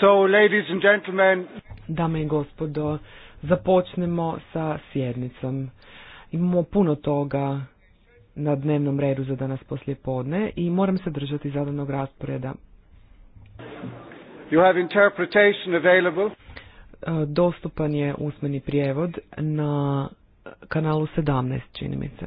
So, ladies and gentlemen. Dame i gospodo, započnemo sa sjednicom. Imamo puno toga na dnevnom redu za danas poslije podne i moram se držati zadanog rasporeda. You have interpretation available. E, dostupan je usmeni prijevod na kanalu 17, čini mi se.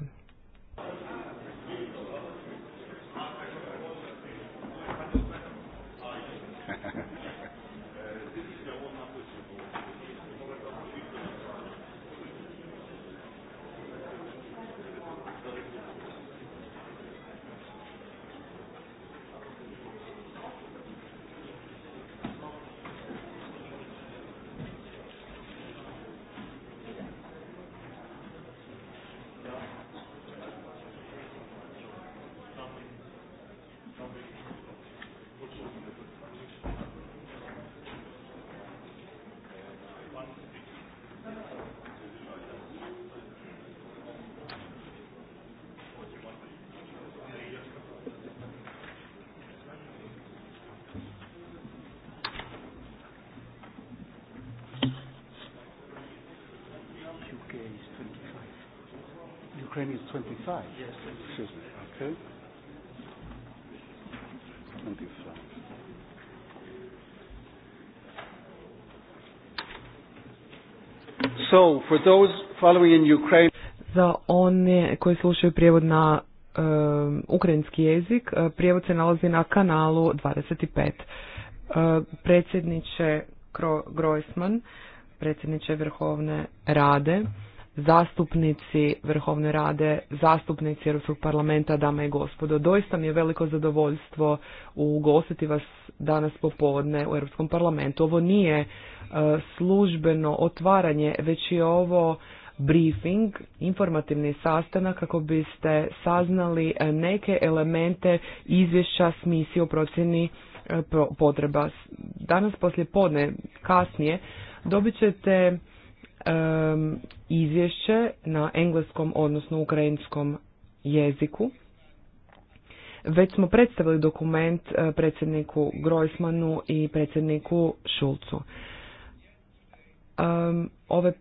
So, Za one koji slušaju prijevod na um, ukrajinski jezik, uh, prijevod se nalazi na kanalu 25. pet uh, predsjedniče Gro Grojsman, predsjedniče Vrhovne Rade, zastupnici Vrhovne rade, zastupnici Europskog parlamenta, dame i gospodo. Doista mi je veliko zadovoljstvo ugostiti vas danas popodne u Europskom parlamentu. Ovo nije e, službeno otvaranje, već je ovo briefing, informativni sastanak kako biste saznali neke elemente izvješća s misije o procjeni e, potreba. Danas poslije podne, kasnije, dobit ćete izvješće na engleskom, odnosno ukrajinskom jeziku. Već smo predstavili dokument eh, predsjedniku Grojsmanu i predsjedniku Šulcu. Ove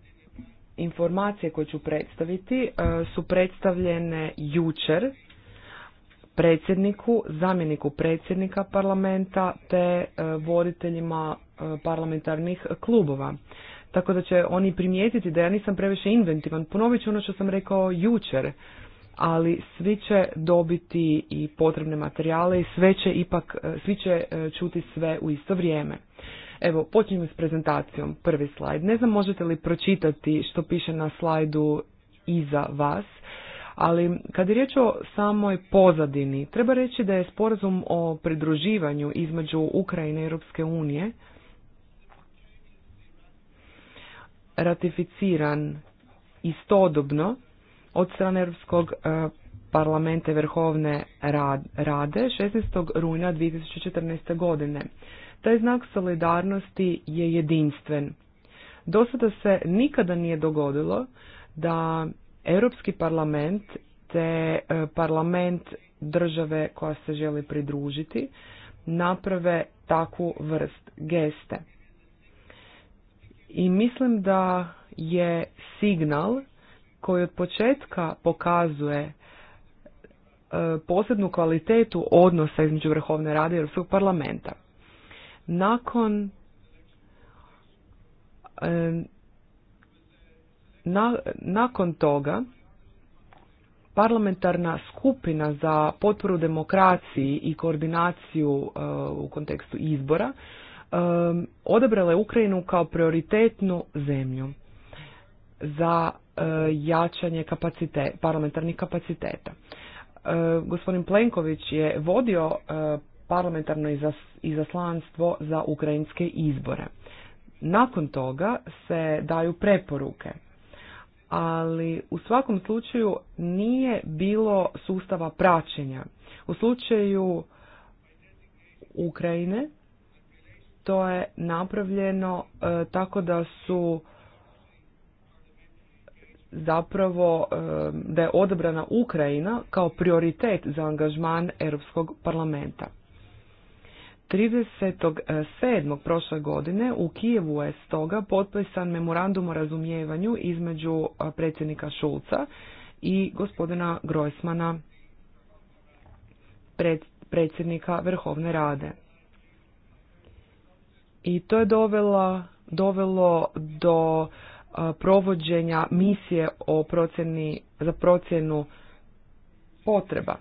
informacije koje ću predstaviti eh, su predstavljene jučer predsjedniku, zamjeniku predsjednika parlamenta te eh, voditeljima parlamentarnih klubova tako da će oni primijetiti da ja nisam previše inventivan. Ponovit ću ono što sam rekao jučer, ali svi će dobiti i potrebne materijale i sve će ipak, e, svi će e, čuti sve u isto vrijeme. Evo, počinjemo s prezentacijom. Prvi slajd. Ne znam možete li pročitati što piše na slajdu iza vas, ali kad je riječ o samoj pozadini, treba reći da je sporazum o pridruživanju između Ukrajine i Europske unije ratificiran istodobno od strane Europskog e, parlamenta Vrhovne rade 16. rujna 2014. godine. Taj znak solidarnosti je jedinstven. Do sada se nikada nije dogodilo da Europski parlament te e, parlament države koja se želi pridružiti naprave takvu vrst geste. I mislim da je signal koji od početka pokazuje e, posebnu kvalitetu odnosa između Vrhovne rade i Europskog parlamenta. Nakon e, na, nakon toga parlamentarna skupina za potporu demokraciji i koordinaciju e, u kontekstu izbora odabrala je Ukrajinu kao prioritetnu zemlju za e, jačanje kapacite, parlamentarnih kapaciteta. E, gospodin Plenković je vodio e, parlamentarno izaslanstvo za ukrajinske izbore. Nakon toga se daju preporuke, ali u svakom slučaju nije bilo sustava praćenja. U slučaju Ukrajine to je napravljeno e, tako da su zapravo e, da je odabrana Ukrajina kao prioritet za angažman Europskog parlamenta. 37. prošle godine u Kijevu je stoga potpisan memorandum o razumijevanju između e, predsjednika Šulca i gospodina Grojsmana, predsjednika Vrhovne rade i to je dovela, dovelo do provođenja misije o procjeni, za procjenu potreba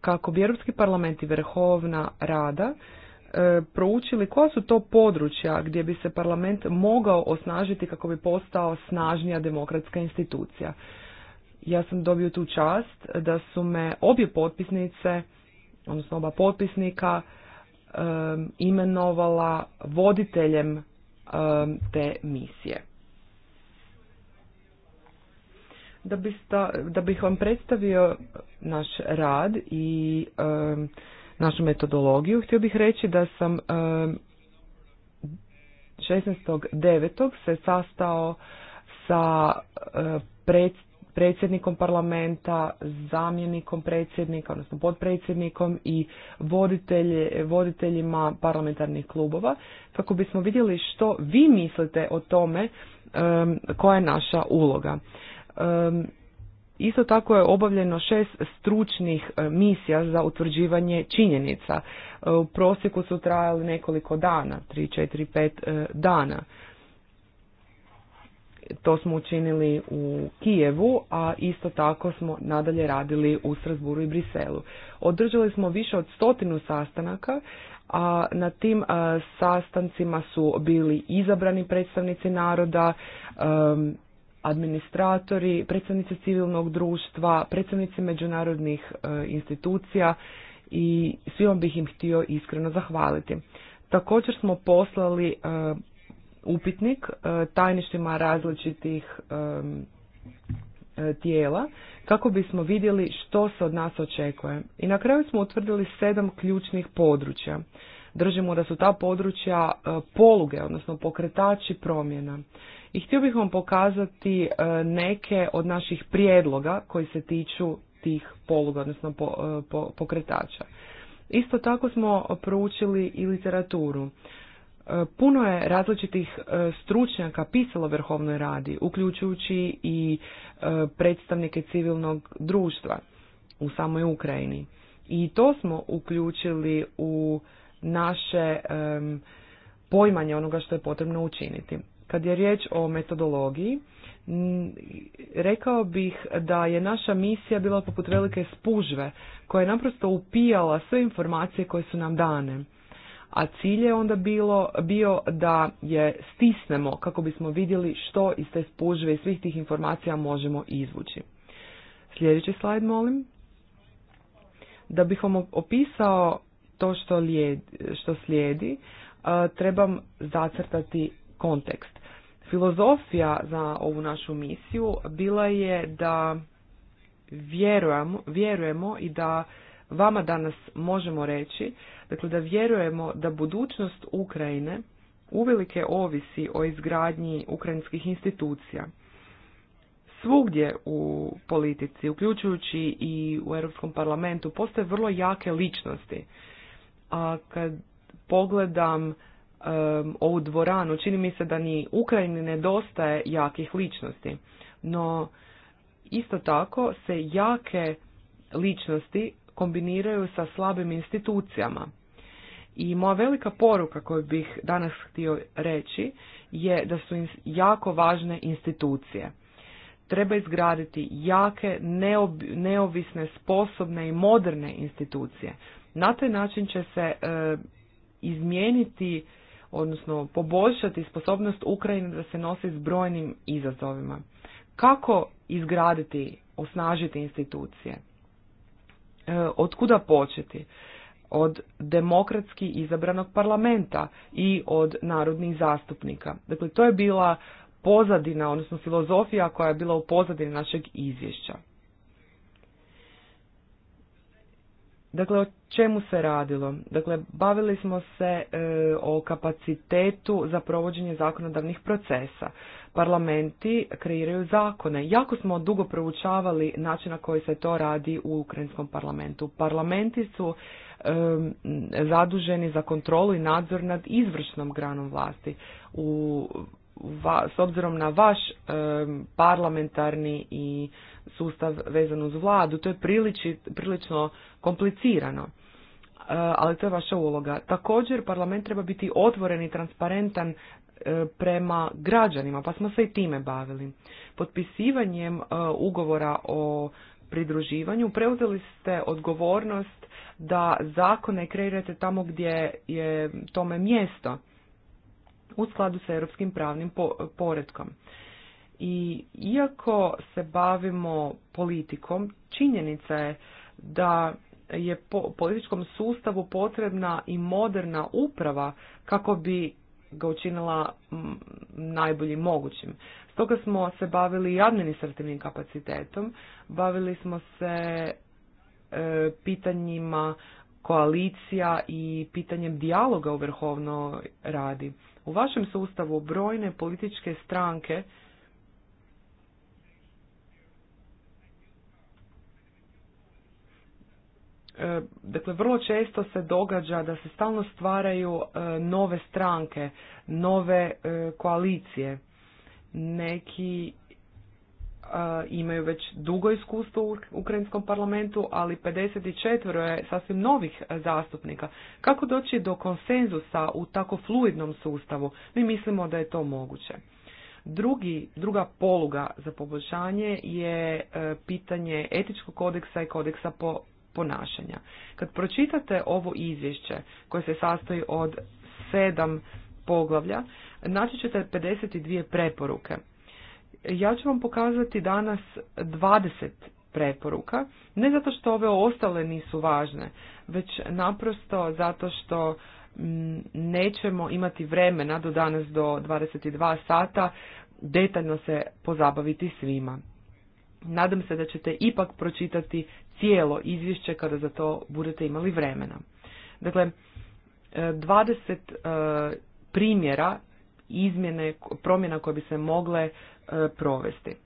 kako bi Europski parlament i Vrhovna rada e, proučili koja su to područja gdje bi se parlament mogao osnažiti kako bi postao snažnija demokratska institucija. Ja sam dobio tu čast da su me obje potpisnice, odnosno oba potpisnika, imenovala voditeljem te misije. Da, da bih vam predstavio naš rad i našu metodologiju, htio bih reći da sam šesnaestdevet 16.9. se sastao sa e, predsjednikom parlamenta, zamjenikom predsjednika, odnosno podpredsjednikom i voditeljima parlamentarnih klubova kako bismo vidjeli što vi mislite o tome koja je naša uloga. Isto tako je obavljeno šest stručnih misija za utvrđivanje činjenica. E, u prosjeku su trajali nekoliko dana, 3, 4, 5 dana. To smo učinili u Kijevu, a isto tako smo nadalje radili u Strasburu i Briselu. Održali smo više od stotinu sastanaka, a na tim sastancima su bili izabrani predstavnici naroda, administratori, predstavnici civilnog društva, predstavnici međunarodnih e, institucija i svima bih im htio iskreno zahvaliti. Također smo poslali e, upitnik e, tajništima različitih e, tijela kako bismo vidjeli što se od nas očekuje. I na kraju smo utvrdili sedam ključnih područja. Držimo da su ta područja e, poluge, odnosno pokretači promjena. I htio bih vam pokazati neke od naših prijedloga koji se tiču tih poluga, odnosno pokretača. Isto tako smo proučili i literaturu. E, puno je različitih e, stručnjaka pisalo Vrhovnoj radi, uključujući i e, predstavnike civilnog društva u samoj Ukrajini. I to smo uključili u naše pojmanje onoga što je potrebno učiniti. Kad je riječ o metodologiji, rekao bih da je naša misija bila poput velike spužve koja je naprosto upijala sve informacije koje su nam dane a cilj je onda bilo, bio da je stisnemo kako bismo vidjeli što iz te spužve i svih tih informacija možemo izvući. Sljedeći slajd molim. Da bih vam opisao to što, lijed, što slijedi, e, trebam zacrtati kontekst. Filozofija za ovu našu misiju bila je da vjerujemo i da vama danas možemo reći, dakle da vjerujemo da budućnost Ukrajine uvelike ovisi o izgradnji ukrajinskih institucija. Svugdje u politici, uključujući i u Europskom parlamentu, postoje vrlo jake ličnosti. A kad pogledam ovu dvoranu, čini mi se da ni Ukrajini nedostaje jakih ličnosti. No, isto tako se jake ličnosti kombiniraju sa slabim institucijama. I moja velika poruka koju bih danas htio reći je da su jako važne institucije. Treba izgraditi jake, neovisne, sposobne i moderne institucije. Na taj način će se e, izmijeniti, odnosno poboljšati sposobnost Ukrajine da se nosi s brojnim izazovima. Kako izgraditi, osnažiti institucije? E, od kuda početi? Od demokratski izabranog parlamenta i od narodnih zastupnika. Dakle, to je bila pozadina, odnosno filozofija koja je bila u pozadini našeg izvješća. Dakle, o čemu se radilo? Dakle, bavili smo se e, o kapacitetu za provođenje zakonodavnih procesa parlamenti kreiraju zakone. Jako smo dugo proučavali način na koji se to radi u ukrajinskom parlamentu. Parlamenti su zaduženi za kontrolu i nadzor nad izvršnom granom vlasti. U s obzirom na vaš parlamentarni i sustav vezan uz vladu, to je prilično komplicirano, e, ali to je vaša uloga. Također parlament treba biti otvoren i transparentan E, prema građanima, pa smo se i time bavili. Potpisivanjem e, ugovora o pridruživanju preuzeli ste odgovornost da zakone kreirate tamo gdje je tome mjesto u skladu sa europskim pravnim poredkom. I iako se bavimo politikom, činjenica je da je po političkom sustavu potrebna i moderna uprava kako bi ga učinila najboljim mogućim. Stoga smo se bavili i administrativnim kapacitetom, bavili smo se e, pitanjima koalicija i pitanjem dijaloga u Vrhovnoj radi. U vašem sustavu brojne političke stranke E, dakle, vrlo često se događa da se stalno stvaraju e, nove stranke, nove e, koalicije. Neki imaju već dugo iskustvo u Ukrajinskom parlamentu, ali 54 je sasvim novih zastupnika. Kako doći do konsenzusa u tako fluidnom sustavu? Mi mislimo da je to moguće. Drugi, druga poluga za poboljšanje je pitanje etičkog kodeksa i kodeksa po, ponašanja. Kad pročitate ovo izvješće koje se sastoji od sedam poglavlja, naći ćete 52 preporuke. Ja ću vam pokazati danas 20 preporuka, ne zato što ove ostale nisu važne, već naprosto zato što mm, nećemo imati vremena do danas do 22 sata detaljno se pozabaviti svima nadam se da ćete ipak pročitati cijelo izvješće kada za to budete imali vremena. Dakle, 20 e, e, primjera izmjene, promjena koje bi se mogle e, provesti.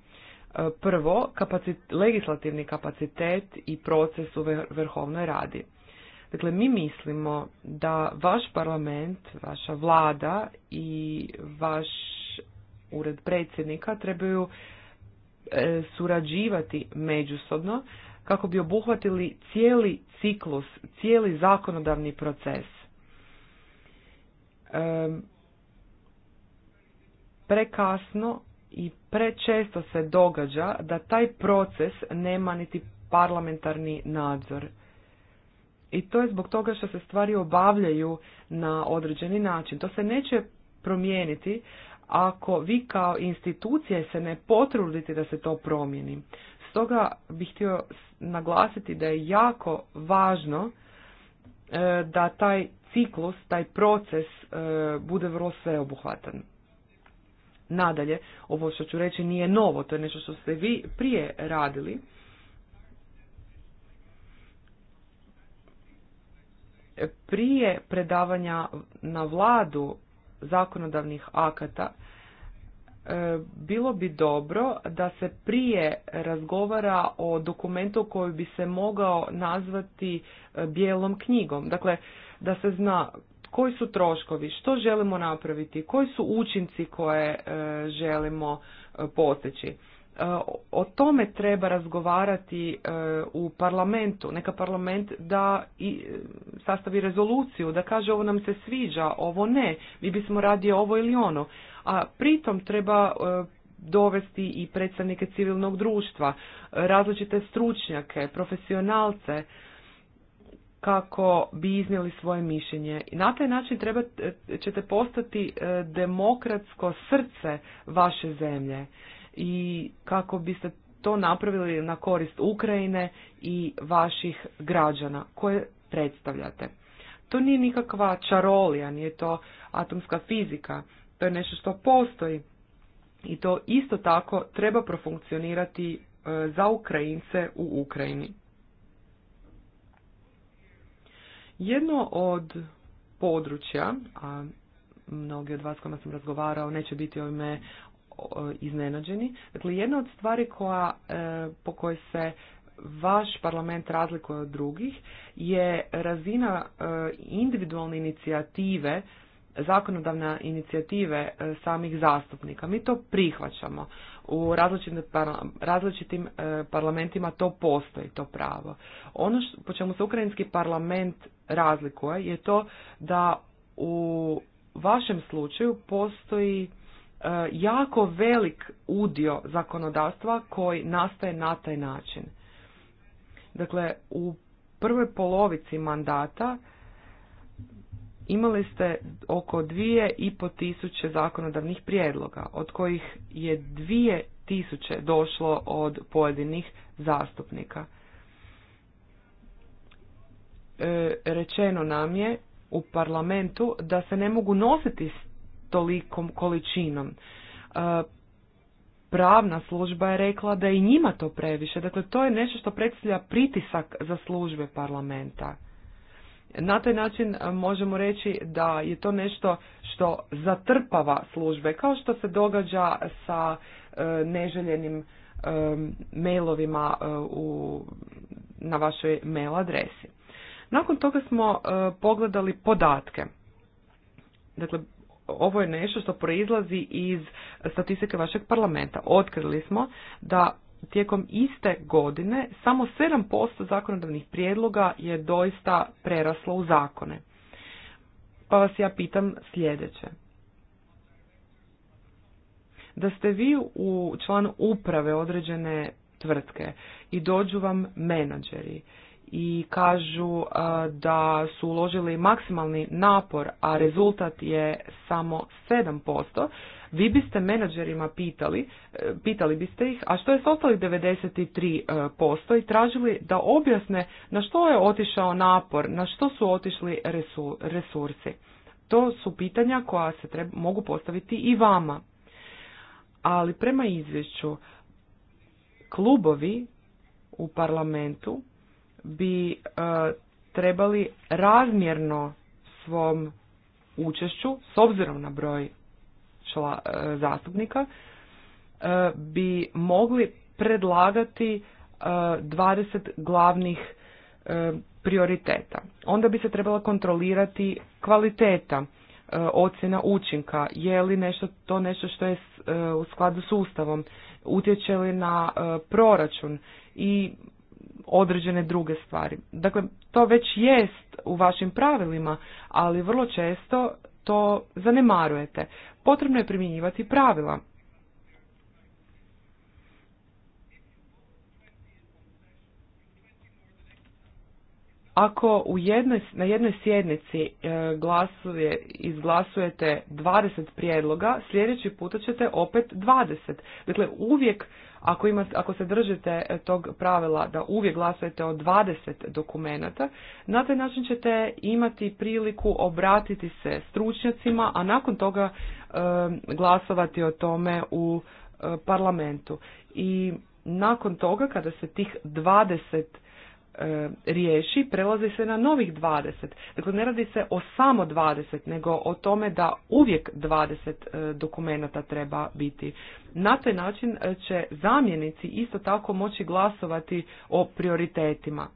Prvo, legislativni kapacitet i proces u vrhovnoj radi. Dakle, mi mislimo da vaš parlament, vaša vlada i vaš ured predsjednika trebaju E, surađivati međusobno kako bi obuhvatili cijeli ciklus, cijeli zakonodavni proces. E, prekasno i prečesto se događa da taj proces nema niti parlamentarni nadzor. I to je zbog toga što se stvari obavljaju na određeni način. To se neće promijeniti ako vi kao institucije se ne potrudite da se to promijeni. Stoga bih htio naglasiti da je jako važno e, da taj ciklus, taj proces e, bude vrlo sveobuhvatan. Nadalje, ovo što ću reći nije novo, to je nešto što ste vi prije radili. Prije predavanja na vladu zakonodavnih akata, e, bilo bi dobro da se prije razgovara o dokumentu koji bi se mogao nazvati e, bijelom knjigom. Dakle, da se zna koji su troškovi, što želimo napraviti, koji su učinci koje e, želimo postići. E, o tome treba razgovarati e, u parlamentu. Neka parlament da i e, sastavi rezoluciju, da kaže ovo nam se sviđa, ovo ne, mi bismo radije ovo ili ono. A pritom treba dovesti i predstavnike civilnog društva, različite stručnjake, profesionalce, kako bi iznijeli svoje mišljenje. na taj način treba, ćete postati demokratsko srce vaše zemlje i kako biste to napravili na korist Ukrajine i vaših građana koje predstavljate. To nije nikakva čarolija, nije to atomska fizika, to je nešto što postoji i to isto tako treba profunkcionirati e, za Ukrajince u Ukrajini. Jedno od područja, a mnogi od vas kojima sam razgovarao neće biti ovime iznenađeni. Dakle, jedna od stvari koja, e, po kojoj se vaš parlament razlikuje od drugih je razina e, individualne inicijative zakonodavne inicijative e, samih zastupnika. Mi to prihvaćamo. U različitim, parlamentima to postoji, to pravo. Ono što, po čemu se ukrajinski parlament razlikuje je to da u vašem slučaju postoji E, jako velik udio zakonodavstva koji nastaje na taj način. Dakle, u prvoj polovici mandata imali ste oko dvije i po tisuće zakonodavnih prijedloga, od kojih je dvije tisuće došlo od pojedinih zastupnika. E, rečeno nam je u parlamentu da se ne mogu nositi s tolikom količinom. E, pravna služba je rekla da je njima to previše, dakle to je nešto što predstavlja pritisak za službe parlamenta. Na taj način e, možemo reći da je to nešto što zatrpava službe, kao što se događa sa e, neželjenim mailovima u, na vašoj mail adresi. Nakon toga smo pogledali podatke. Dakle, ovo je nešto što proizlazi iz statistike vašeg parlamenta. Otkrili smo da tijekom iste godine samo 7% zakonodavnih prijedloga je doista preraslo u zakone. Pa vas ja pitam sljedeće. Da ste vi u član uprave određene tvrtke i dođu vam menadžeri i kažu da su uložili maksimalni napor, a rezultat je samo 7%, vi biste menadžerima pitali, e, pitali biste ih, a što je s ostalih 93% i tražili da objasne na što je otišao napor, na što su otišli resursi. To su pitanja koja se treba, mogu postaviti i vama. Ali prema izvješću, klubovi u parlamentu bi e, trebali razmjerno svom učešću, s obzirom na broj čla, e, zastupnika, e, bi mogli predlagati 20 glavnih prioriteta. Onda bi se trebala kontrolirati kvaliteta ocjena učinka, je li nešto, to nešto što je u skladu s Ustavom, utječe li na proračun i određene druge stvari. Dakle, to već jest u vašim pravilima, ali vrlo često to zanemarujete. Potrebno je primjenjivati pravila. Ako u jednoj, na jednoj sjednici e, glasuje, izglasujete 20 prijedloga, sljedeći puta ćete opet 20. Dakle, uvijek, ako, ima, ako se držite e, tog pravila da uvijek glasujete o 20 dokumenata, na taj način ćete imati priliku obratiti se stručnjacima, a nakon toga e, glasovati o tome u parlamentu. I nakon toga, kada se tih 20 E, riješi, prelazi se na novih 20. Dakle, ne radi se o samo 20, nego o tome da uvijek 20 e, dokumenata treba biti. Na taj način e, će zamjenici isto tako moći glasovati o prioritetima.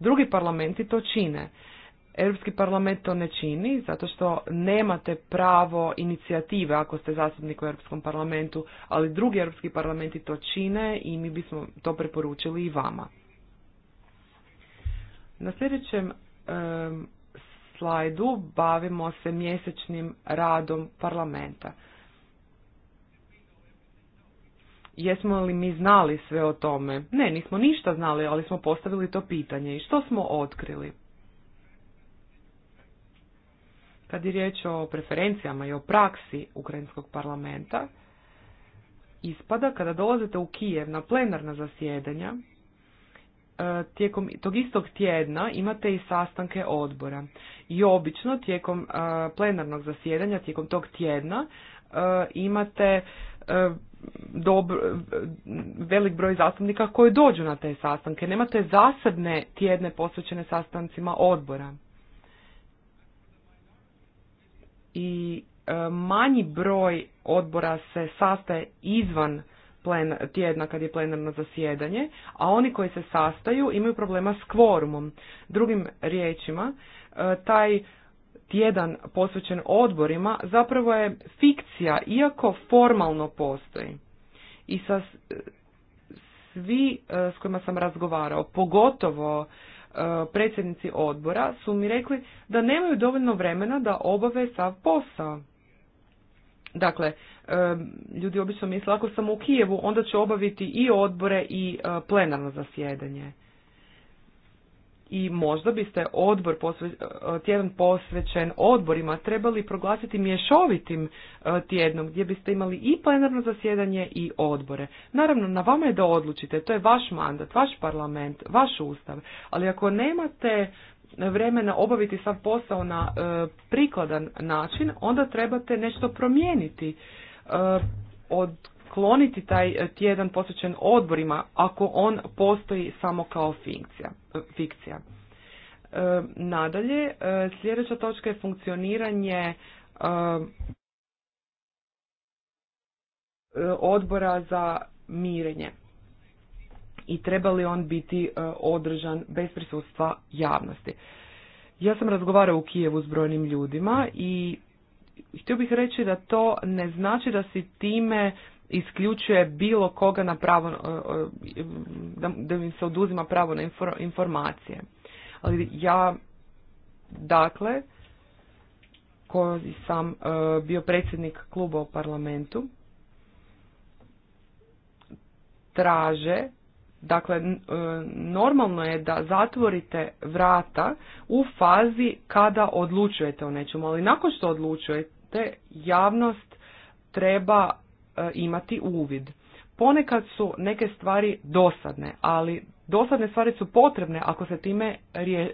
Drugi parlamenti to čine. Europski parlament to ne čini zato što nemate pravo inicijative ako ste zastupnik u Europskom parlamentu, ali drugi europski parlamenti to čine i mi bismo to preporučili i vama. Na sljedećem slajdu bavimo se mjesečnim radom parlamenta. Jesmo li mi znali sve o tome? Ne, nismo ništa znali, ali smo postavili to pitanje. I što smo otkrili? Kad je riječ o preferencijama i o praksi Ukrajinskog parlamenta, ispada kada dolazite u Kijev na plenarna zasjedanja, E, tijekom tog istog tjedna imate i sastanke odbora. I obično tijekom e, plenarnog zasjedanja, tijekom tog tjedna e, imate dobro, velik broj zastupnika koji dođu na te sastanke. Nemate zasadne tjedne posvećene sastancima odbora. I manji broj odbora se sastaje izvan plen, tjedna kad je plenarno zasjedanje, a oni koji se sastaju imaju problema s kvorumom. Drugim riječima, e, taj tjedan posvećen odborima zapravo je fikcija, iako formalno postoji. I sa e, svi e, s kojima sam razgovarao, pogotovo predsjednici odbora, su mi rekli da nemaju dovoljno vremena da obave sav posao. Dakle, ljudi obično misle ako sam u Kijevu onda će obaviti i odbore i e, plenarno zasjedanje. I možda biste odbor e, tjedan posvećen odborima trebali proglasiti mješovitim e, tjednom gdje biste imali i plenarno zasjedanje i odbore. Naravno, na vama je da odlučite, to je vaš mandat, vaš parlament, vaš ustav, ali ako nemate vremena obaviti sav posao na prikladan način, onda trebate nešto promijeniti Eh, odkloniti taj tjedan posvećen odborima ako on postoji samo kao fikcija. fikcija. Eh, nadalje, eh, sljedeća točka je funkcioniranje odbora za mirenje i treba li on biti održan bez prisustva javnosti. Ja sam razgovarao u Kijevu s brojnim ljudima i htio bih reći da to ne znači da si time isključuje bilo koga na pravo, e, e, da im se oduzima pravo na informacije. Ali ja, dakle, koji sam e, bio predsjednik kluba u parlamentu, traže Dakle, e, normalno je da zatvorite vrata u fazi kada odlučujete o nečemu, ali nakon što odlučujete, javnost treba e, imati uvid. Ponekad su neke stvari dosadne, ali dosadne stvari su potrebne ako se time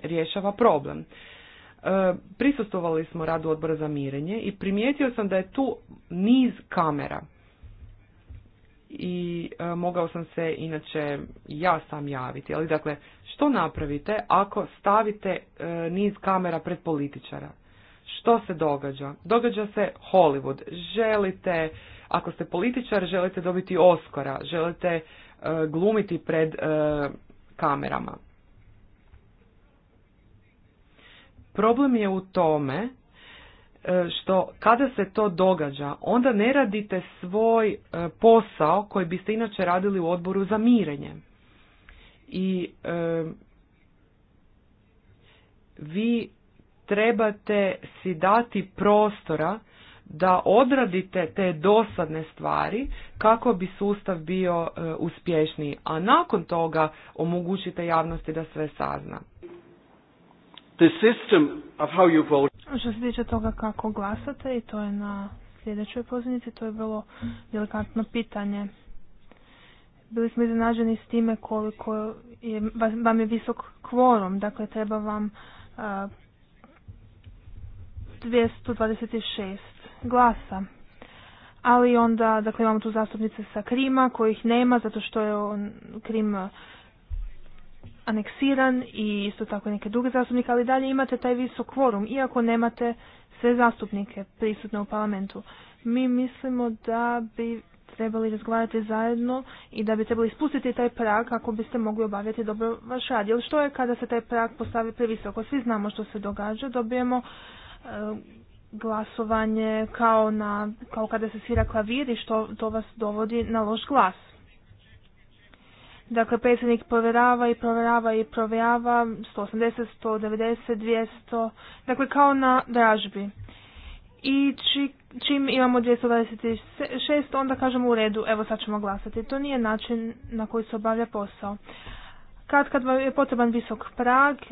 rješava problem. E, Prisustovali smo radu odbora za mirenje i primijetio sam da je tu niz kamera i e, mogao sam se inače ja sam javiti. Ali dakle, što napravite ako stavite e, niz kamera pred političara? Što se događa? Događa se Hollywood. Želite, ako ste političar, želite dobiti oskora. želite e, glumiti pred kamerama. Problem je u tome E, što kada se to događa, onda ne radite svoj e, posao koji biste inače radili u odboru za mirenje. I e, vi trebate si dati prostora da odradite te dosadne stvari kako bi sustav bio uspješniji, a nakon toga omogućite javnosti da sve sazna. The system of how you što se tiče toga kako glasate, i to je na sljedećoj pozivnici, to je vrlo delikatno pitanje. Bili smo iznenađeni s time koliko je, vam je visok kvorum, dakle treba vam a, 226 glasa. Ali onda, dakle imamo tu zastupnice sa Krima kojih nema zato što je on, Krim aneksiran i isto tako neke druge zastupnike, ali dalje imate taj visok kvorum, iako nemate sve zastupnike prisutne u parlamentu. Mi mislimo da bi trebali razgovarati zajedno i da bi trebali ispustiti taj prag kako biste mogli obavljati dobro vaš rad. Jer što je kada se taj prag postavi previsoko? Svi znamo što se događa, dobijemo eh, glasovanje kao, na, kao kada se svira klavir i što to vas dovodi na loš glas. Dakle, predsjednik provjerava i provjerava i provjerava 180, 190, 200, dakle kao na dražbi. I čim imamo 226, onda kažemo u redu, evo sad ćemo glasati. To nije način na koji se obavlja posao. Kad, kad je potreban visok prag, e,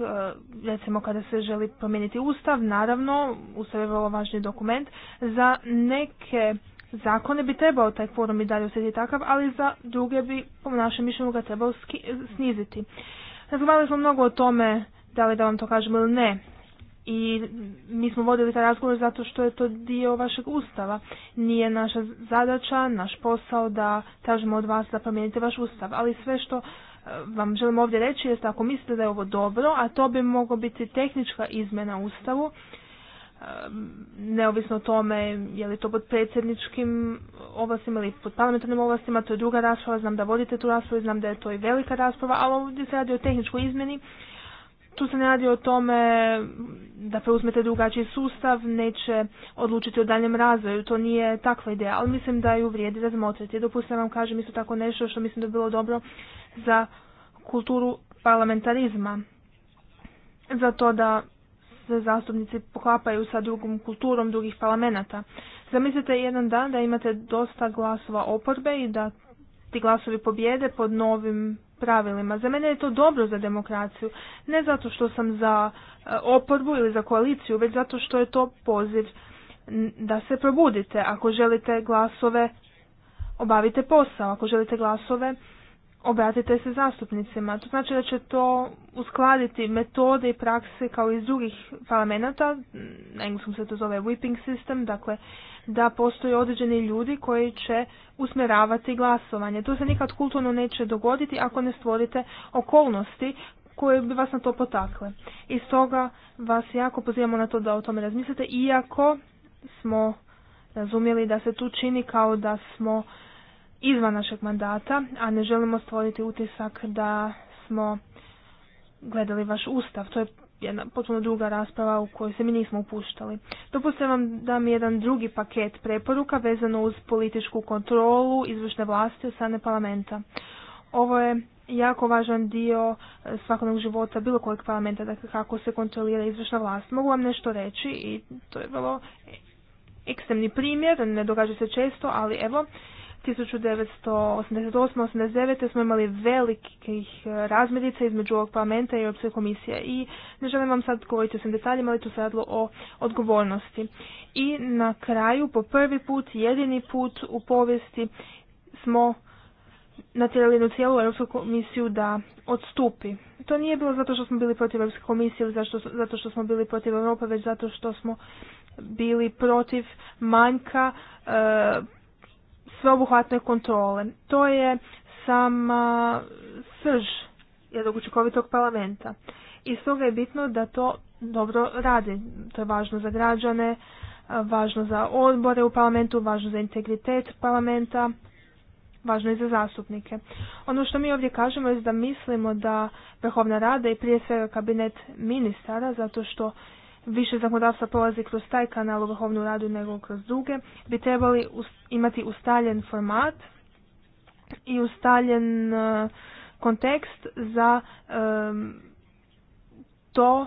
recimo kada se želi promijeniti ustav, naravno, ustav je vrlo važni dokument, za neke zakone bi trebao taj forum i dalje osjetiti takav, ali za druge bi, po našem mišljenju, ga trebao eh, sniziti. Razgovarali smo mnogo o tome, da li da vam to kažem ili ne, i mi smo vodili taj razgovor zato što je to dio vašeg ustava. Nije naša zadaća, naš posao da tražimo od vas da promijenite vaš ustav, ali sve što eh, vam želim ovdje reći je ako mislite da je ovo dobro, a to bi moglo biti tehnička izmjena ustavu, neovisno o tome je li to pod predsjedničkim ovlastima ili pod parlamentarnim ovlastima, to je druga rasprava, znam da vodite tu raspravu i znam da je to i velika rasprava, ali ovdje se radi o tehničkoj izmjeni. Tu se ne radi o tome da preuzmete drugačiji sustav, neće odlučiti o daljem razvoju, to nije takva ideja, ali mislim da ju vrijedi razmotriti. Dopustite vam kažem isto tako nešto što mislim da bi bilo dobro za kulturu parlamentarizma. Za to da se zastupnici poklapaju sa drugom kulturom drugih parlamenta. Zamislite jedan dan da imate dosta glasova oporbe i da ti glasovi pobjede pod novim pravilima. Za mene je to dobro za demokraciju, ne zato što sam za e, oporbu ili za koaliciju, već zato što je to poziv da se probudite. Ako želite glasove, obavite posao. Ako želite glasove, obratite se zastupnicima. To znači da će to uskladiti metode i prakse kao iz drugih parlamenta, na engleskom se to zove whipping system, dakle da postoje određeni ljudi koji će usmjeravati glasovanje. To se nikad kulturno neće dogoditi ako ne stvorite okolnosti koje bi vas na to potakle. I stoga vas jako pozivamo na to da o tome razmislite, iako smo razumjeli da se tu čini kao da smo izvan našeg mandata, a ne želimo stvoriti utisak da smo gledali vaš ustav. To je jedna potpuno druga rasprava u kojoj se mi nismo upuštali. Dopustite vam da mi jedan drugi paket preporuka vezano uz političku kontrolu izvršne vlasti od strane parlamenta. Ovo je jako važan dio e, svakodnog života bilo kojeg parlamenta, dakle kako se kontrolira izvršna vlast. Mogu vam nešto reći i to je vrlo ekstremni primjer, ne događa se često, ali evo, 1988-89 smo imali velikih eh, razmirica između ovog parlamenta i Europske komisije i ne želim vam sad govoriti o svim detaljima, ali tu se radilo o odgovornosti. I na kraju, po prvi put, jedini put u povijesti smo natjerali jednu cijelu Europsku komisiju da odstupi. To nije bilo zato što smo bili protiv Europske komisije ili zato što smo bili protiv Europe, već zato što smo bili protiv manjka eh, sveobuhvatne kontrole. To je sam srž jednog učinkovitog parlamenta. I stoga je bitno da to dobro radi. To je važno za građane, važno za odbore u parlamentu, važno za integritet parlamenta, važno i za zastupnike. Ono što mi ovdje kažemo je da mislimo da Vrhovna rada i prije svega kabinet ministara, zato što više zakonodavstva prolazi kroz taj kanal u vrhovnu radu nego kroz druge, bi trebali imati ustaljen format i ustaljen e, kontekst za to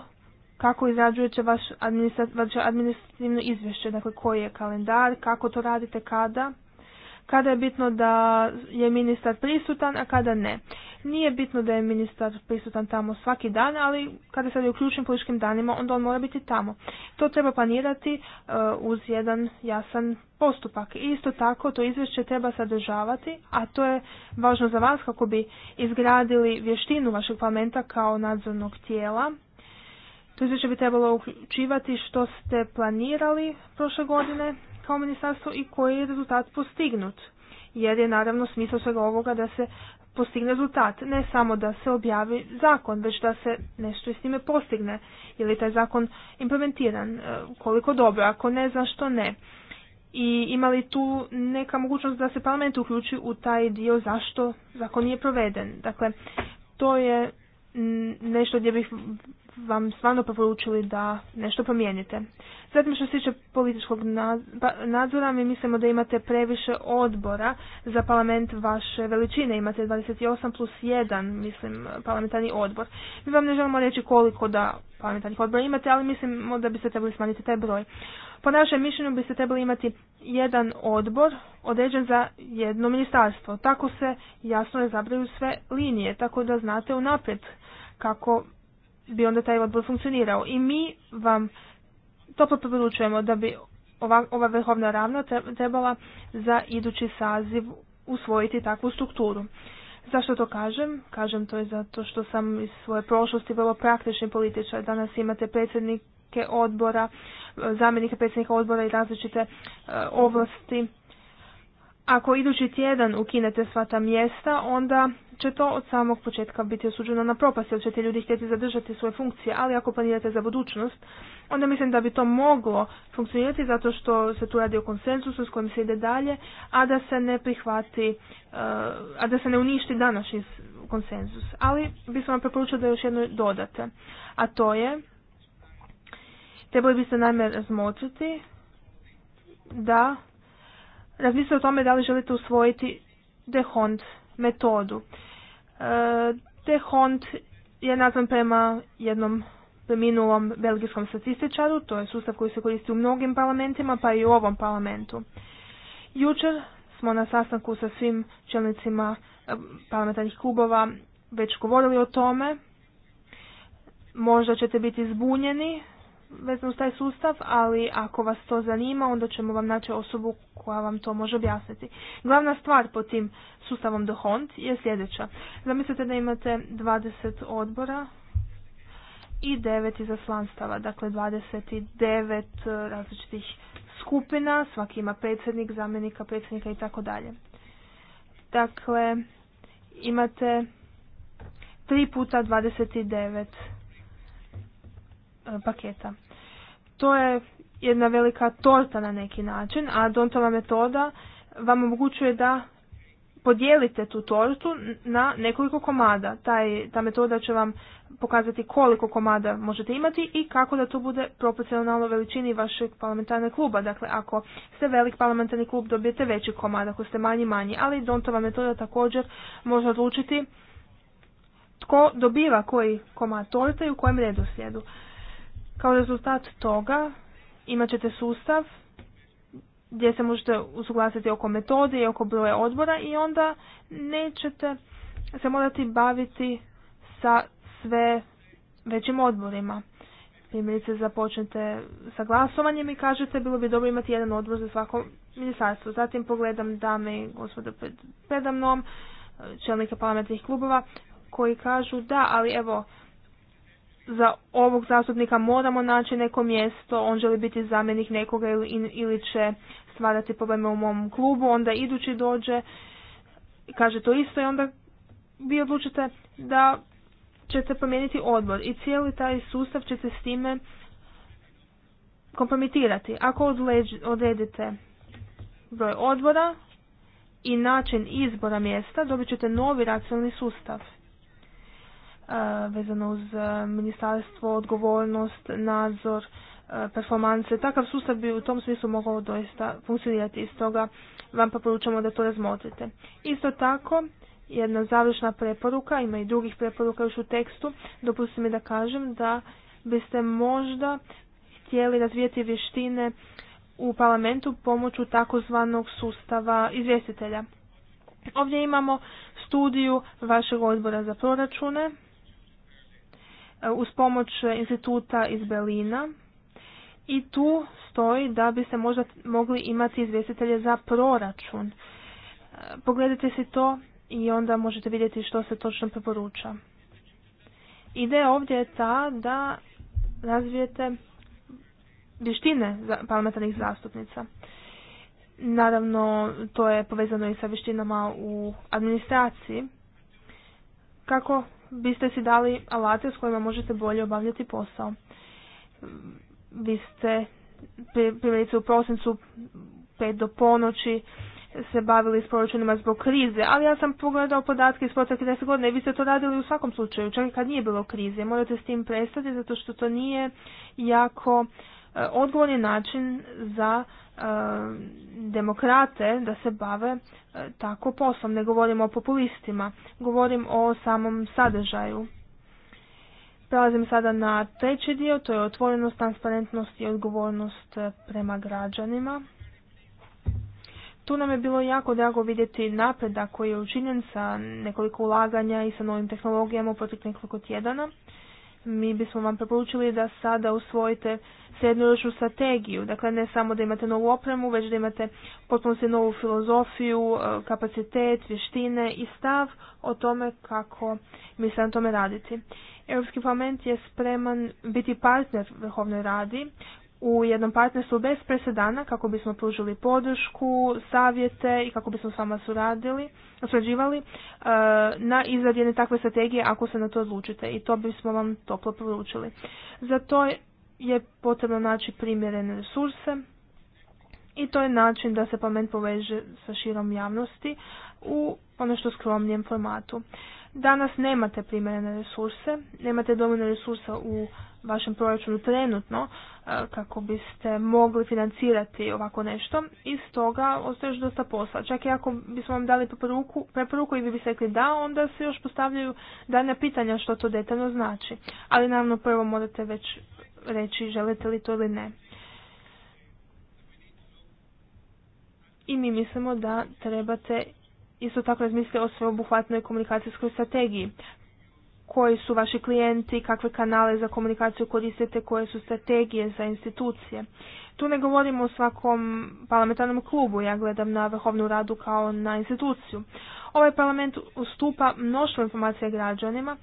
kako izrađujete vaš vaše administrativno izvješće, dakle koji je kalendar, kako to radite, kada kada je bitno da je ministar prisutan, a kada ne. Nije bitno da je ministar prisutan tamo svaki dan, ali kada se je u ključnim političkim danima, onda on mora biti tamo. To treba planirati e, uz jedan jasan postupak. isto tako to izvješće treba sadržavati, a to je važno za vas kako bi izgradili vještinu vašeg parlamenta kao nadzornog tijela. To izvješće bi trebalo uključivati što ste planirali prošle godine, kao ministarstvo i koji je rezultat postignut. Jer je naravno smisao svega ovoga da se postigne rezultat, ne samo da se objavi zakon, već da se nešto s time postigne. Je li taj zakon implementiran, e, koliko dobro, ako ne, zašto ne. I ima li tu neka mogućnost da se parlament uključi u taj dio zašto zakon nije proveden. Dakle, to je nešto gdje bih vam stvarno preporučili da nešto promijenite. Zatim što se tiče političkog pa, nadzora, mi mislimo da imate previše odbora za parlament vaše veličine. Imate 28 plus 1, mislim, parlamentarni odbor. Mi vam ne želimo reći koliko da parlamentarnih odbora imate, ali mislimo da biste trebali smanjiti taj broj. Po našem mišljenju biste trebali imati jedan odbor određen za jedno ministarstvo. Tako se jasno zabraju sve linije, tako da znate unaprijed kako bi onda taj odbor funkcionirao. I mi vam to preporučujemo da bi ova, ova vrhovna ravna trebala za idući saziv usvojiti takvu strukturu. Zašto to kažem? Kažem to je zato što sam iz svoje prošlosti vrlo praktični političar. Danas imate predsjednike odbora, zamjenike predsjednika odbora i različite e, ovlasti. Ako idući tjedan ukinete sva ta mjesta, onda će to od samog početka biti osuđeno na propast, jer će ti ljudi htjeti zadržati svoje funkcije, ali ako planirate za budućnost, onda mislim da bi to moglo funkcionirati zato što se tu radi o konsensusu s kojim se ide dalje, a da se ne prihvati, e, a da se ne uništi današnji konsenzus. Ali se vam preporučio da još jedno dodate, a to je, trebali biste najme razmotriti da razmislite o tome da li želite usvojiti dehont metodu te Hond je nazvan prema jednom preminulom belgijskom statističaru, to je sustav koji se koristi u mnogim parlamentima, pa i u ovom parlamentu. Jučer smo na sastanku sa svim čelnicima eh, parlamentarnih klubova već govorili o tome. Možda ćete biti zbunjeni vezano uz taj sustav, ali ako vas to zanima, onda ćemo vam naći osobu koja vam to može objasniti. Glavna stvar pod tim sustavom do Hunt je sljedeća. Zamislite da imate 20 odbora i 9 izaslanstava, dakle 29 e, različitih skupina, svaki ima predsjednik, zamjenika, predsjednika i tako dalje. Dakle, imate 3 puta 29 Eh, paketa. To je jedna velika torta na neki način, a Dontova metoda vam omogućuje da podijelite tu tortu na nekoliko komada. Taj, ta metoda će vam pokazati koliko komada možete imati i kako da to bude proporcionalno veličini vašeg parlamentarnog kluba. Dakle, ako ste velik parlamentarni klub dobijete veći komad, ako ste manji manji. Ali Dontova metoda također može odlučiti tko dobiva koji komad torta i u kojem redoslijedu. Kao rezultat toga imat ćete sustav gdje se možete usuglasiti oko metode i oko broja odbora i onda nećete se morati baviti sa sve većim odborima. Primjerice započnete sa glasovanjem i kažete bilo bi dobro imati jedan odbor za svako ministarstvo. Zatim pogledam dame i gospode pred, predamnom, čelnike parlamentnih klubova koji kažu da, ali evo za ovog zastupnika moramo naći neko mjesto, on želi biti zamjenik nekoga ili, ili će stvarati probleme u mom klubu, onda idući dođe, kaže to isto i onda vi odlučite da ćete promijeniti odbor i cijeli taj sustav će se s time kompromitirati. Ako odredite broj odbora i način izbora mjesta, dobit ćete novi racionalni sustav vezano uz ministarstvo, odgovornost, nadzor, performanse. Takav sustav bi u tom smislu mogao doista funkcionirati iz toga vam pa poručamo da to razmotrite. Isto tako, jedna završna preporuka, ima i drugih preporuka još u tekstu, dopustite mi da kažem da biste možda htjeli razvijeti vještine u parlamentu pomoću takozvanog sustava izvjestitelja. Ovdje imamo studiju vašeg odbora za proračune, uz pomoć instituta iz Belina i tu stoji da bi se možda mogli imati izvjestitelje za proračun. E, pogledajte si to i onda možete vidjeti što se točno preporuča. Ideja ovdje je ta da razvijete vještine parlamentarnih zastupnica. Naravno, to je povezano i sa vještinama u administraciji, kako biste si dali alate s kojima možete bolje obavljati posao. Vi ste primjerice u prosincu pet do ponoći se bavili s proračunima zbog krize, ali ja sam pogledao podatke iz proteklih 10 godina i vi ste to radili u svakom slučaju, čak i kad nije bilo krize. Morate s tim prestati zato što to nije jako E, odgovorni način za e, demokrate da se bave e, tako poslom. Ne govorim o populistima, govorim o samom sadržaju. Prelazim sada na treći dio, to je otvorenost, transparentnost i odgovornost prema građanima. Tu nam je bilo jako drago vidjeti napredak koji je učinjen sa nekoliko ulaganja i sa novim tehnologijama u proteklih nekoliko tjedana mi bismo vam preporučili da sada usvojite srednjoročnu strategiju. Dakle, ne samo da imate novu opremu, već da imate potpuno se novu filozofiju, e, kapacitet, vještine i stav o tome kako mislite na tome raditi. Europski parlament je spreman biti partner Vrhovnoj radi u jednom partnerstvu bez presedana kako bismo pružili podršku, savjete i kako bismo s vama suradili, surađivali e, na izradi takve strategije ako se na to odlučite i to bismo vam toplo poručili. Za to je potrebno naći primjerene resurse i to je način da se pamet poveže sa širom javnosti u ono što skromnijem formatu. Danas nemate primjerene resurse, nemate dovoljno resursa u vašem proračunu trenutno e, kako biste mogli financirati ovako nešto i stoga ostaje još dosta posla. Čak i ako bismo vam dali preporuku, i vi biste rekli da, onda se još postavljaju dana pitanja što to detaljno znači. Ali naravno prvo morate već reći želite li to ili ne. I mi mislimo da trebate isto tako razmislite o sveobuhvatnoj komunikacijskoj strategiji. Koji su vaši klijenti, kakve kanale za komunikaciju koristite, koje su strategije za institucije. Tu ne govorimo o svakom parlamentarnom klubu, ja gledam na vrhovnu radu kao na instituciju. Ovaj parlament ustupa mnoštvo informacija građanima,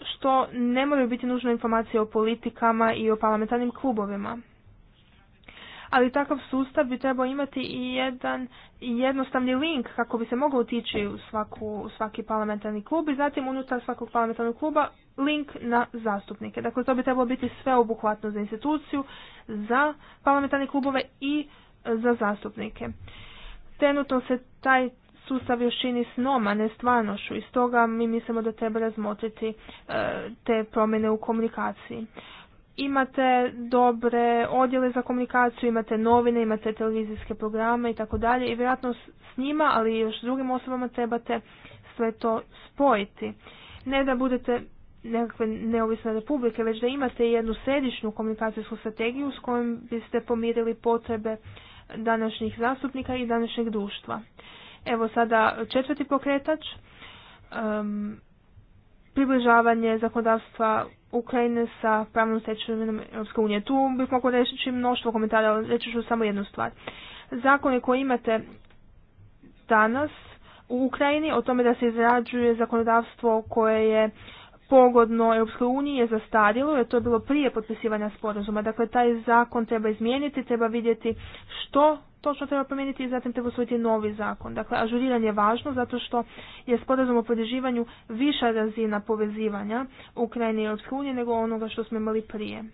što ne moraju biti nužne informacije o politikama i o parlamentarnim klubovima ali takav sustav bi trebao imati i jedan jednostavni link kako bi se moglo otići u, svaku, svaki parlamentarni klub i zatim unutar svakog parlamentarnog kluba link na zastupnike. Dakle, to bi trebalo biti sveobuhvatno za instituciju, za parlamentarne klubove i e, za zastupnike. Trenutno se taj sustav još čini snom, a ne stvarnošću i stoga mi mislimo da treba razmotriti e, te promjene u komunikaciji imate dobre odjele za komunikaciju, imate novine, imate televizijske programe i tako dalje i vjerojatno s njima, ali i još s drugim osobama trebate sve to spojiti. Ne da budete nekakve neovisne republike, već da imate jednu središnju komunikacijsku strategiju s kojom biste pomirili potrebe današnjih zastupnika i današnjeg društva. Evo sada četvrti pokretač, um, približavanje zakonodavstva Ukrajine sa pravnom stečevinom Europske unije. Tu bih mogla reći mnoštvo komentara, ali reći ću samo jednu stvar. Zakone koje imate danas u Ukrajini o tome da se izrađuje zakonodavstvo koje je pogodno Europske uniji je zastarilo, jer to je bilo prije potpisivanja sporazuma. Dakle, taj zakon treba izmijeniti, treba vidjeti što točno treba promijeniti i zatim treba usvojiti novi zakon. Dakle, ažuriranje je važno zato što je sporazum o podrživanju viša razina povezivanja Ukrajine i Europske unije nego onoga što smo imali prije.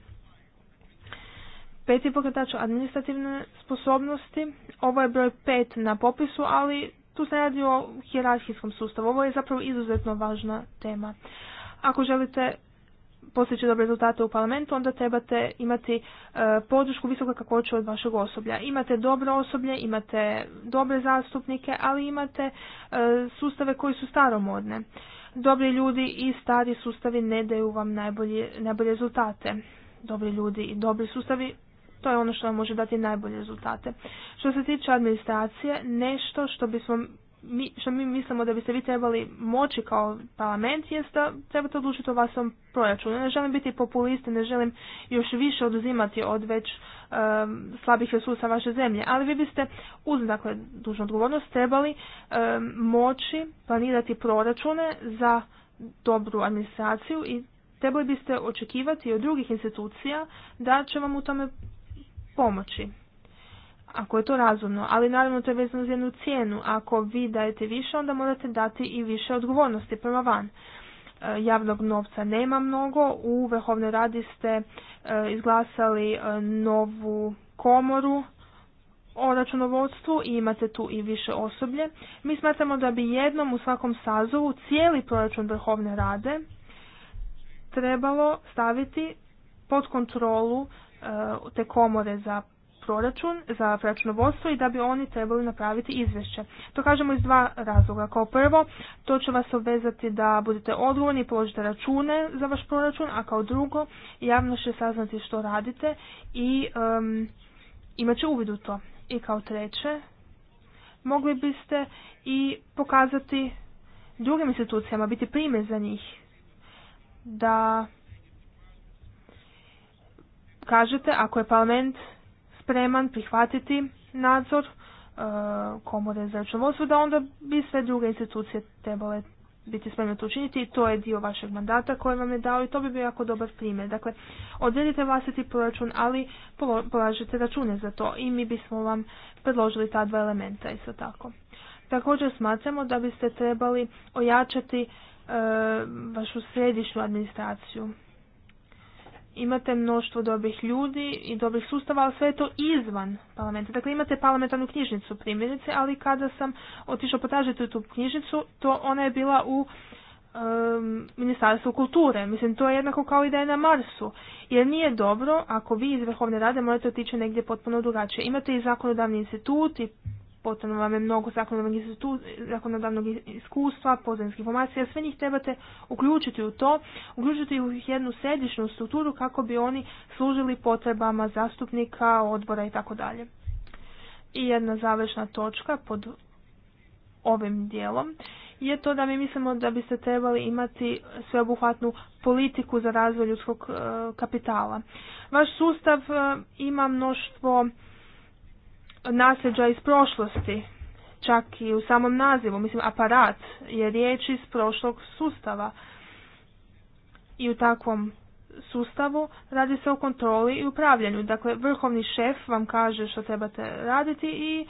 Peti pokretač administrativne sposobnosti. Ovo je broj pet na popisu, ali tu se radi o hjerarhijskom sustavu. Ovo je zapravo izuzetno važna tema. Ako želite postići dobre rezultate u parlamentu, onda trebate imati e, podršku visoka kakvoću od vašeg osoblja. Imate dobro osoblje, imate dobre zastupnike, ali imate e, sustave koji su staromodne. Dobri ljudi i stari sustavi ne daju vam najbolje, najbolje rezultate. Dobri ljudi i dobri sustavi to je ono što vam može dati najbolje rezultate. Što se tiče administracije, nešto što bismo mi, što mi mislimo da biste vi trebali moći kao parlament jest da trebate odlučiti o vašem proračunu. Ne želim biti populisti, ne želim još više oduzimati od već slabih resursa vaše zemlje, ali vi biste uz dakle, dužnu odgovornost trebali moći planirati proračune za dobru administraciju i trebali biste očekivati od drugih institucija da će vam u tome pomoći ako je to razumno, ali naravno to je vezano za jednu cijenu. Ako vi dajete više, onda morate dati i više odgovornosti prema van. E, javnog novca nema mnogo, u Vrhovnoj radi ste e, izglasali e, novu komoru o računovodstvu i imate tu i više osoblje. Mi smatramo da bi jednom u svakom sazovu cijeli proračun Vrhovne rade trebalo staviti pod kontrolu te komore za proračun, za računovodstvo i da bi oni trebali napraviti izvješće. To kažemo iz dva razloga. Kao prvo, to će vas obvezati da budete odgovorni i položite račune za vaš proračun, a kao drugo, javno će saznati što radite i um, imat će uvid u to. I kao treće, mogli biste i pokazati drugim institucijama, biti primjer za njih, da kažete ako je parlament spreman prihvatiti nadzor e, komore za računovodstvo, da onda bi sve druge institucije trebale biti spremne to učiniti i to je dio vašeg mandata koji vam je dao i to bi bio jako dobar primjer. Dakle, odredite vlastiti proračun, ali polažite račune za to i mi bismo vam predložili ta dva elementa isto tako. Također smatramo da biste trebali ojačati e, vašu središnju administraciju imate mnoštvo dobrih ljudi i dobrih sustava, ali sve je to izvan parlamenta. Dakle, imate parlamentarnu knjižnicu primjerice, ali kada sam otišao potražiti tu knjižnicu, to ona je bila u Ministarstvu kulture. Mislim, to je jednako kao i da je na Marsu. Jer nije dobro, ako vi iz Vrhovne rade morate otići negdje potpuno drugačije. Imate i zakonodavni institut i potrebno vam je mnogo zakonodavnog iskustva, pozemskih informacija, sve njih trebate uključiti u to, uključiti u jednu središnju strukturu kako bi oni služili potrebama zastupnika, odbora i tako dalje. I jedna završna točka pod ovim dijelom je to da mi mislimo da biste trebali imati sveobuhvatnu politiku za razvoj ljudskog e, kapitala. Vaš sustav e, ima mnoštvo nasljeđa iz prošlosti, čak i u samom nazivu, mislim aparat je riječ iz prošlog sustava. I u takvom sustavu radi se o kontroli i upravljanju. Dakle, vrhovni šef vam kaže što trebate raditi i e,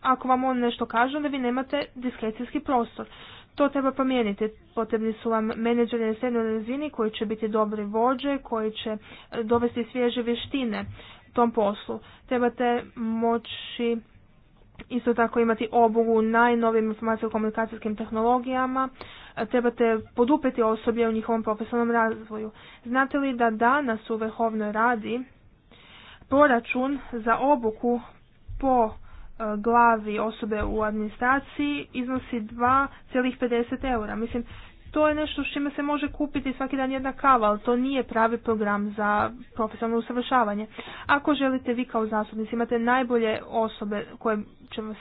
ako vam on nešto kaže, onda vi nemate diskrecijski prostor. To treba promijeniti. Potrebni su vam menedžeri na srednjoj razini koji će biti dobri vođe, koji će e, dovesti svježe vještine tom poslu. Trebate moći isto tako imati obugu najnovim informacijsko-komunikacijskim tehnologijama, trebate poduprijeti osoblje u njihovom profesionalnom razvoju. Znate li da danas u Vrhovnoj radi proračun za obuku po e, glavi osobe u administraciji iznosi 2,50 eura. Mislim, to je nešto s čime se može kupiti svaki dan jedna kava, ali to nije pravi program za profesionalno usavršavanje. Ako želite vi kao zastupnici imate najbolje osobe koje će vas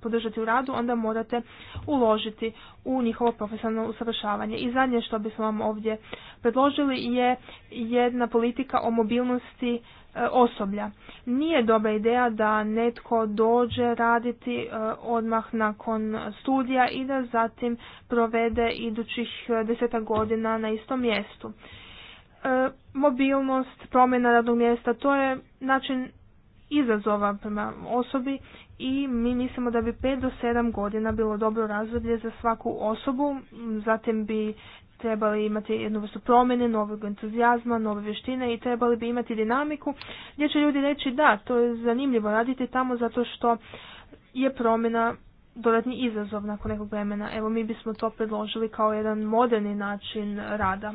podržati u radu, onda morate uložiti u njihovo profesionalno usavršavanje. I zadnje što bismo vam ovdje predložili je jedna politika o mobilnosti E, osoblja. Nije dobra ideja da netko dođe raditi e, odmah nakon studija i da zatim provede idućih e, desetak godina na istom mjestu. Mobilnost, promjena radnog mjesta, to je način izazova prema osobi i mi mislimo da bi 5 do 7 godina bilo dobro razdoblje za svaku osobu, zatim bi trebali imati jednu vrstu promjene, novog entuzijazma, nove vještine i trebali bi imati dinamiku gdje će ljudi reći da, to je zanimljivo raditi tamo zato što je promjena dodatni izazov nakon nekog vremena. Evo mi bismo to predložili kao jedan moderni način rada.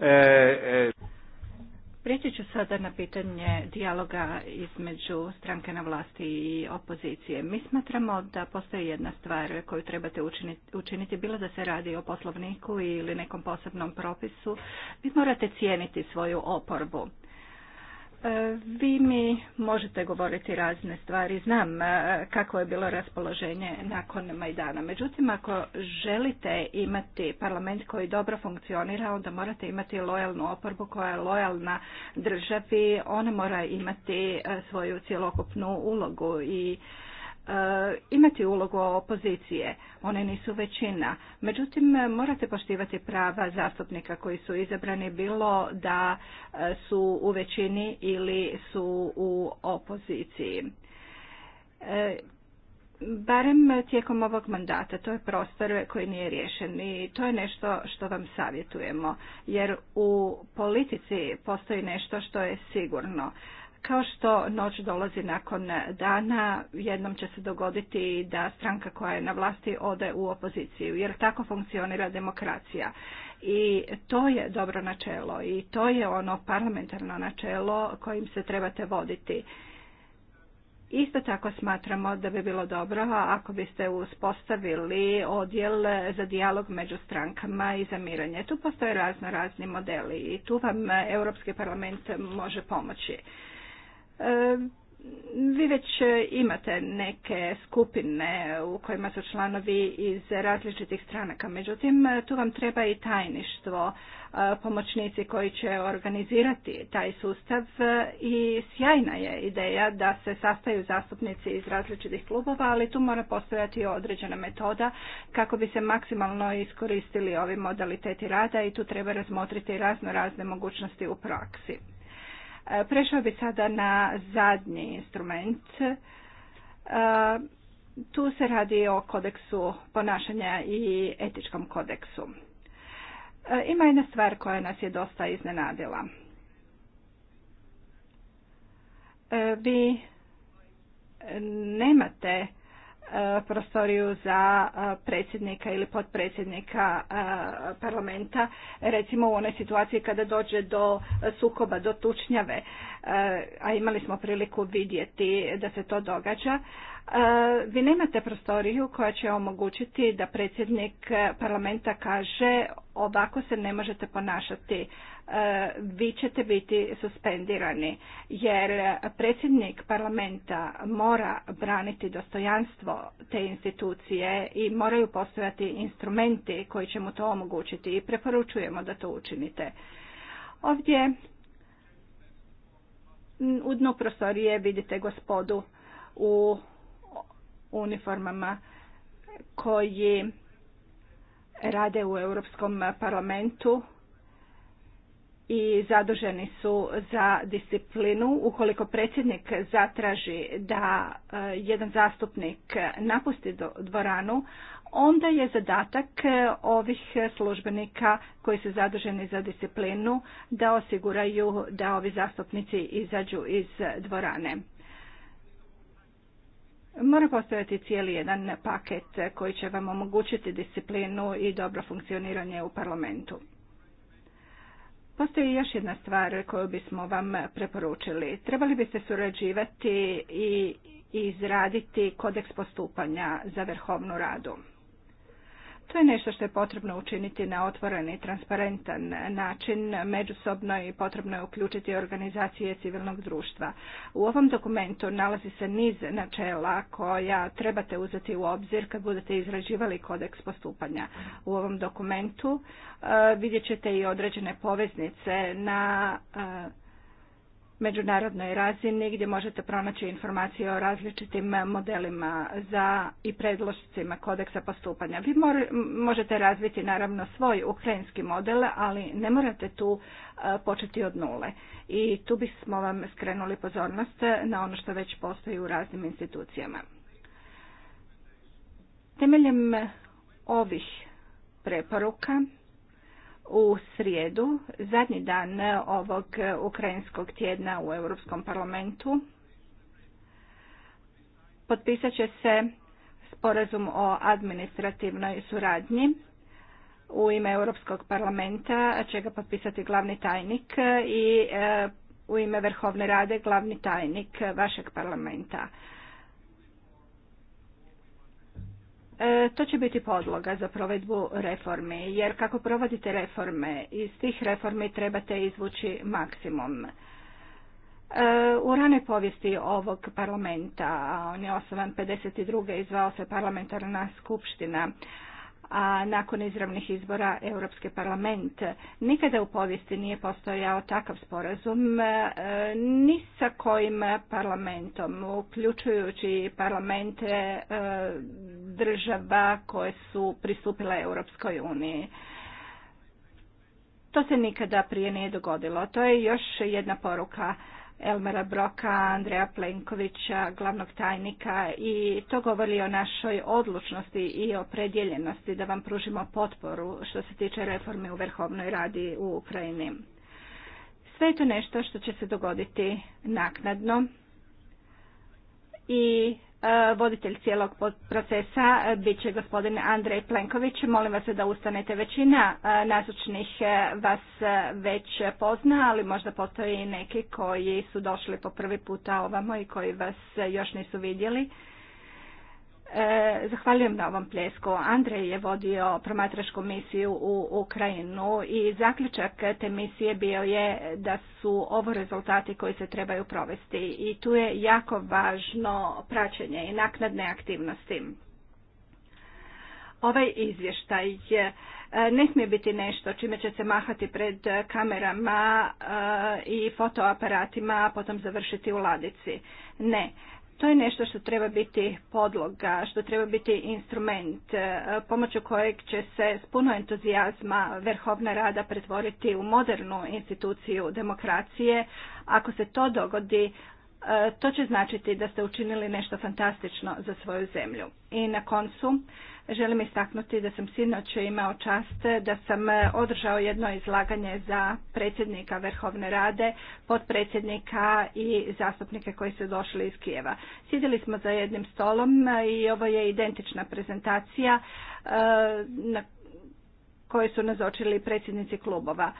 E, e. Prijeći ću sada na pitanje dijaloga između stranke na vlasti i opozicije. Mi smatramo da postoji jedna stvar koju trebate učiniti, učiniti bilo da se radi o poslovniku ili nekom posebnom propisu. Vi morate cijeniti svoju oporbu. E, vi mi možete govoriti razne stvari, znam e, kako je bilo raspoloženje nakon Majdana. Međutim, ako želite imati parlament koji dobro funkcionira, onda morate imati lojalnu oporbu koja je lojalna državi. Ona mora imati e, svoju cjelokupnu ulogu i E, imati ulogu opozicije. One nisu većina. Međutim, morate poštivati prava zastupnika koji su izabrani bilo da e, su u većini ili su u opoziciji. E, barem tijekom ovog mandata to je prostor koji nije riješen i to je nešto što vam savjetujemo jer u politici postoji nešto što je sigurno kao što noć dolazi nakon dana, jednom će se dogoditi da stranka koja je na vlasti ode u opoziciju, jer tako funkcionira demokracija. I to je dobro načelo i to je ono parlamentarno načelo kojim se trebate voditi. Isto tako smatramo da bi bilo dobro ako biste uspostavili odjel za dijalog među strankama i za miranje. Tu postoje razno razni modeli i tu vam Europski parlament može pomoći. Vi već e, imate neke skupine u kojima su članovi iz različitih stranaka, međutim e, tu vam treba i tajništvo, e, pomoćnici koji će organizirati taj sustav i sjajna je ideja da se sastaju zastupnici iz različitih klubova, ali tu mora postojati određena metoda kako bi se maksimalno iskoristili ovi modaliteti rada i tu treba razmotriti razno razne mogućnosti u praksi. E, prešao bi sada na zadnji instrument. E, tu se radi o kodeksu ponašanja i etičkom kodeksu. E, ima jedna stvar koja nas je dosta iznenadila. Vi nemate E, prostoriju za e, predsjednika ili potpredsjednika e, parlamenta, recimo u onoj situaciji kada dođe do sukoba, do tučnjave, a imali smo priliku vidjeti da se to događa. Vi nemate prostoriju koja će omogućiti da predsjednik parlamenta kaže ovako se ne možete ponašati, e, vi ćete biti suspendirani, jer predsjednik parlamenta mora braniti dostojanstvo te institucije i moraju postojati instrumenti koji će mu to omogućiti i preporučujemo da to učinite. Ovdje u dnu prostorije vidite gospodu u uniformama koji rade u Europskom parlamentu i zaduženi su za disciplinu. Ukoliko predsjednik zatraži da e, jedan zastupnik napusti dvoranu, onda je zadatak e, ovih službenika koji su zaduženi za disciplinu da osiguraju da ovi zastupnici izađu iz dvorane. Mora postojati cijeli jedan paket koji će vam omogućiti disciplinu i dobro funkcioniranje u parlamentu. Postoji još jedna stvar koju bismo vam preporučili. Trebali biste surađivati i izraditi kodeks postupanja za vrhovnu radu. To je nešto što je potrebno učiniti na otvoren i transparentan način. Međusobno i potrebno je uključiti organizacije civilnog društva. U ovom dokumentu nalazi se niz načela koja trebate uzeti u obzir kad budete izrađivali kodeks postupanja. U ovom dokumentu e, vidjet ćete i određene poveznice na e, međunarodnoj razini gdje možete pronaći informacije o različitim modelima za i predlošcima kodeksa postupanja. Vi možete razviti naravno svoj ukrajinski model, ali ne morate tu e, početi od nule. I tu bismo vam skrenuli pozornost e, na ono što već postoji u raznim institucijama. Temeljem ovih preporuka u srijedu, zadnji dan ovog ukrajinskog tjedna u Europskom parlamentu. Potpisat će se sporazum o administrativnoj suradnji u ime Europskog parlamenta, će ga potpisati glavni tajnik i e, u ime Vrhovne rade glavni tajnik vašeg parlamenta. E, to će biti podloga za provedbu reforme, jer kako provodite reforme, iz tih reformi trebate izvući maksimum. E, u ranoj povijesti ovog parlamenta, on je osnovan 52. i se parlamentarna skupština, a nakon izravnih izbora Europski parlament. Nikada u povijesti nije postojao takav sporazum e, ni sa kojim parlamentom, uključujući parlamente e, država koje su pristupile Europskoj uniji. To se nikada prije nije dogodilo. To je još jedna poruka Elmara Broka, Andreja Plenkovića, glavnog tajnika i to govori o našoj odlučnosti i o da vam pružimo potporu što se tiče reforme u Vrhovnoj radi u Ukrajini. Sve je to nešto što će se dogoditi naknadno i E, voditelj cijelog procesa e, bit će gospodin Andrej Plenković. Molim vas da ustanete. Većina e, nazočnih vas već pozna, ali možda postoji i neki koji su došli po prvi puta ovamo i koji vas još nisu vidjeli. E, zahvaljujem na ovom pljesku. Andrej je vodio promatračku misiju u Ukrajinu i zaključak te misije bio je da su ovo rezultati koji se trebaju provesti i tu je jako važno praćenje i naknadne aktivnosti. Ovaj izvještaj je E, ne smije biti nešto čime će se mahati pred kamerama e, i fotoaparatima, a potom završiti u ladici. Ne. To je nešto što treba biti podloga, što treba biti instrument e, pomoću kojeg će se s puno entuzijazma vrhovna rada pretvoriti u modernu instituciju demokracije. Ako se to dogodi, to će značiti da ste učinili nešto fantastično za svoju zemlju. I na koncu, Želim istaknuti da sam sinoć imao čast da sam e, održao jedno izlaganje za predsjednika Vrhovne rade, potpredsjednika i zastupnike koji su došli iz Kijeva. Sjedili smo za jednim stolom e, i ovo je identična prezentacija e, na koje su nazočili predsjednici klubova.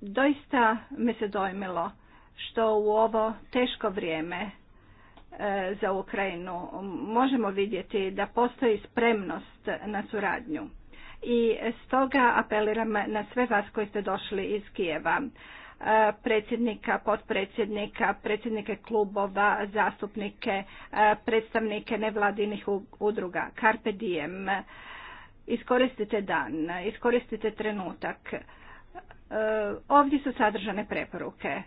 Doista me se dojmilo što u ovo teško vrijeme E, za Ukrajinu. Možemo vidjeti da postoji spremnost na suradnju. I stoga apeliram na sve vas koji ste došli iz Kijeva e, predsjednika, potpredsjednika, predsjednike klubova, zastupnike, e, predstavnike nevladinih udruga. Carpe diem. Iskoristite dan, iskoristite trenutak. E, ovdje su sadržane preporuke. E,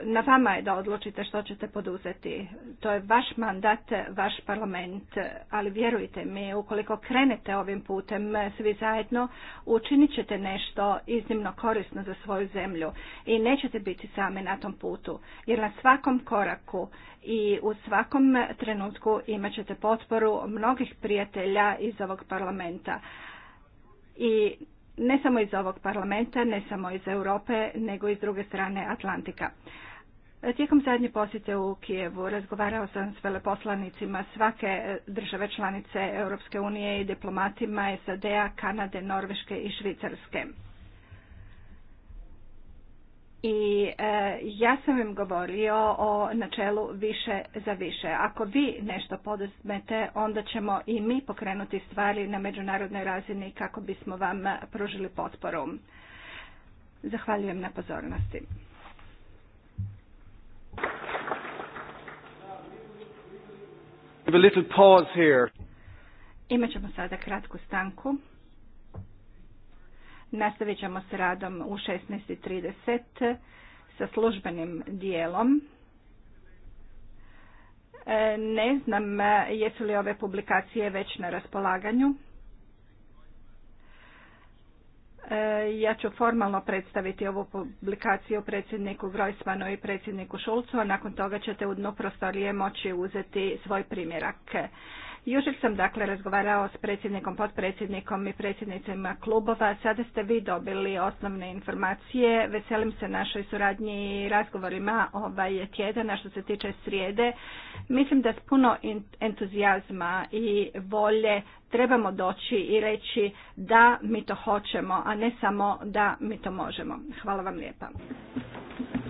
na vama je da odlučite što ćete poduzeti. To je vaš mandat, vaš parlament, ali vjerujte mi, ukoliko krenete ovim putem svi zajedno, učinit ćete nešto iznimno korisno za svoju zemlju i nećete biti sami na tom putu, jer na svakom koraku i u svakom trenutku imat ćete potporu mnogih prijatelja iz ovog parlamenta. I ne samo iz ovog parlamenta, ne samo iz Europe, nego i s druge strane Atlantika. Tijekom zadnje posjete u Kijevu razgovarao sam s veleposlanicima svake države članice Europske unije i diplomatima SAD-a, Kanade, Norveške i Švicarske i e, ja sam im govorio o načelu više za više. Ako vi nešto poduzmete, onda ćemo i mi pokrenuti stvari na međunarodnoj razini kako bismo vam pružili potporu. Zahvaljujem na pozornosti. ćemo sada kratku stanku. Nastavit ćemo s radom u 16.30 sa službenim dijelom. E, ne znam e, jesu li ove publikacije već na raspolaganju. E, ja ću formalno predstaviti ovu publikaciju predsjedniku Grojsmanu i predsjedniku Šulcu, a nakon toga ćete u dnu prostorije moći uzeti svoj primjerak. Jučer sam dakle razgovarao s predsjednikom, potpredsjednikom i predsjednicima klubova. Sada ste vi dobili osnovne informacije. Veselim se našoj suradnji i razgovorima ovaj tjedana što se tiče srijede. Mislim da s puno entuzijazma i volje trebamo doći i reći da mi to hoćemo, a ne samo da mi to možemo. Hvala vam lijepa.